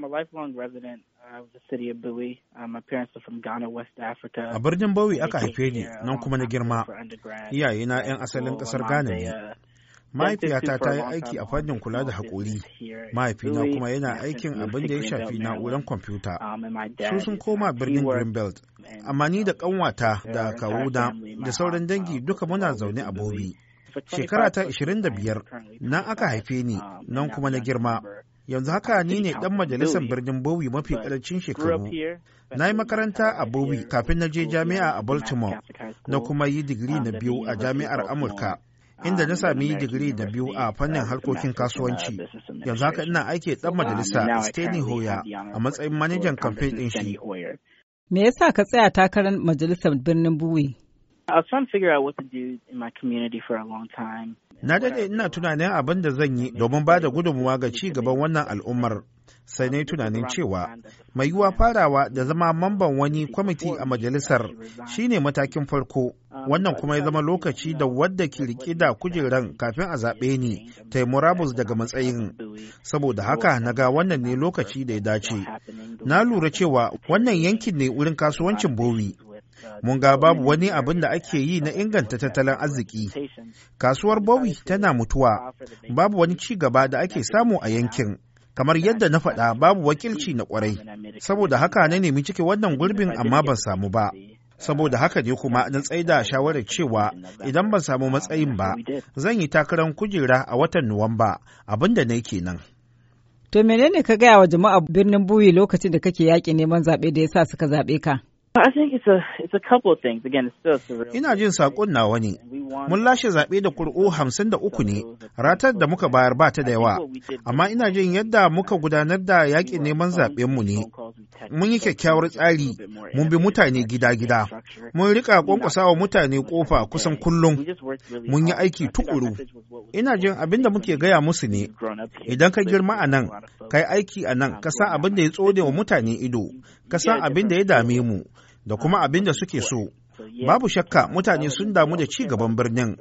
I'm a lifelong resident of the city of Bowie. Uh, my parents are from Ghana, West Africa. A birnin Bowie aka haife ni, um, nan kuma na girma. Iyayena 'yan asalin ƙasar Ghana ne. Mahaifiyata ta yi aiki a fannin kula da haƙori, mahaifina kuma yana aikin abin da ya shafi na'urar kwamfuta. Su sun koma birnin Greenbelt, amma ni da ƙanwata da kawuna da sauran dangi duka muna zaune a Bowie. Shekara ta 25 nan aka haife ni, nan kuma na girma. yanzu haka ni ne dan majalisar birnin Bowie mafi karancin shekaru. Na yi makaranta a Bowie kafin na je jami'a a Baltimore, na kuma yi digiri na biyu a jami'ar Amurka, inda na sami digiri da biyu a fannin harkokin uh, kasuwanci. Yanzu haka ina aiki dan majalisa Steny hoya a matsayin manajan kamfen ɗin shi. Me yasa ka tsaya takarar majalisar birnin Bowie? I was trying to time. Na dade ina tunanin abin da zan yi domin ba da gudunmuwa ga ci gaban wannan al'ummar. Sai na yi tunanin cewa mai yiwuwa farawa da zama mamban wani kwamiti a majalisar shine matakin farko. Wannan kuma ya zama lokaci da wadda ke rike da kujeran kafin a zaɓe ni ta yi murabus daga matsayin. Saboda haka na ga wannan ne lokaci da ya dace. Na lura cewa wannan yankin ne wurin kasuwancin bowi. mun ga babu wani abin da ake yi na inganta tattalin arziki. Kasuwar Bowie tana mutuwa, babu wani ci gaba da ake samu a yankin. Kamar yadda na faɗa babu wakilci na ƙwarai, saboda haka na nemi cike wannan gurbin amma ban samu ba. Saboda haka ne kuma na tsaida shawarar cewa idan ban samu matsayin ba, zan yi takarar kujera a watan Nuwamba abinda na yake nan. To menene ka gaya wa jama'a birnin Buyi lokacin da kake yaƙi neman zaɓe da ya sa suka zaɓe ka? I think Ina jin saƙon nawa ne. Mun lashe zaɓe da kur'o hamsin da uku ne. Ratar da muka bayar ba ta da yawa. Amma ina jin yadda muka gudanar da yaƙin neman zaɓen mu ne. Mun yi kyakkyawar tsari. Mun bi mutane gida-gida. Mun rika kwankwasawa mutane ƙofa kusan kullum. Mun yi aiki tuƙuru Ina jin abin da muke gaya musu ne. Idan ka girma a nan, ka yi aiki a nan, ka san abin da ya tsode wa mutane ido, ka san abin da ya dame mu. da kuma abin da suke so. Babu shakka mutane sun damu da ci gaban birnin,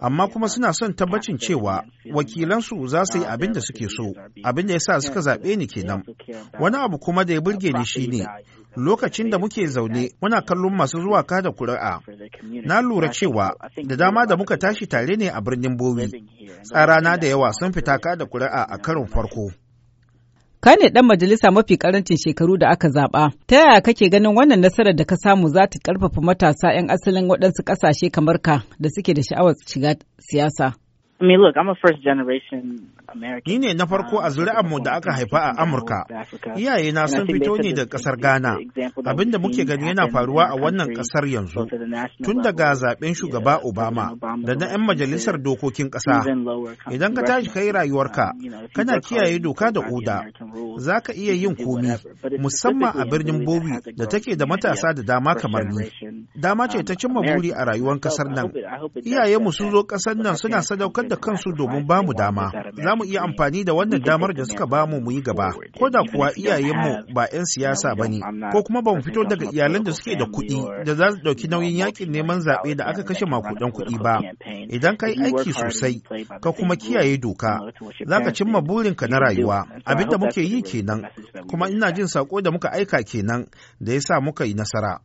amma kuma suna son tabbacin cewa wakilansu za su yi abin da suke so, abin da ya sa suka zaɓe ni kenan. Wani abu kuma da ya burge ni shine lokacin da muke zaune muna kallon masu zuwa kada kuri'a. Na lura cewa da dama da muka tashi tare ne a birnin Bowie, tsarana da yawa sun fita kada kuri'a a karin farko. Ka ne ɗan majalisa mafi karancin shekaru da aka zaɓa. Ta yaya kake ganin wannan nasarar da ka samu za ta ƙarfafa matasa 'yan asalin waɗansu ƙasashe kamar ka da suke da sha'awar shiga siyasa? I mean, look, I'm a first generation American. Ni ne na farko a um, zuri'ar mu da aka haifa a Amurka. Iyaye na sun fito ne da kasar Ghana. Abin da muke gani yana faruwa a wannan kasar yanzu. Tun daga zaben shugaba Obama da na 'yan majalisar dokokin kasa. Idan ka tashi kai rayuwarka, kana kiyaye doka da oda. Za ka iya yin komi, musamman a birnin Bowie da take da matasa da dama kamar ni. Dama ce ta um, cimma buri a rayuwar kasar nan. Iyayenmu sun zo kasar nan suna sadaukar da kansu domin ba mu dama. Za mu iya amfani da wannan damar da suka ba mu mu yi gaba, ko da kuwa iyayenmu ba 'yan siyasa ba ne, ko kuma ba mu fito daga iyalan da suke da kuɗi da za su ɗauki nauyin yakin neman zaɓe da aka kashe makudan kuɗi ba. Idan ka yi aiki sosai, ka kuma kiyaye doka, za ka cimma burinka na rayuwa. Abin da muke yi kenan, kuma ina jin saƙo da muka aika kenan da ya sa muka yi nasara.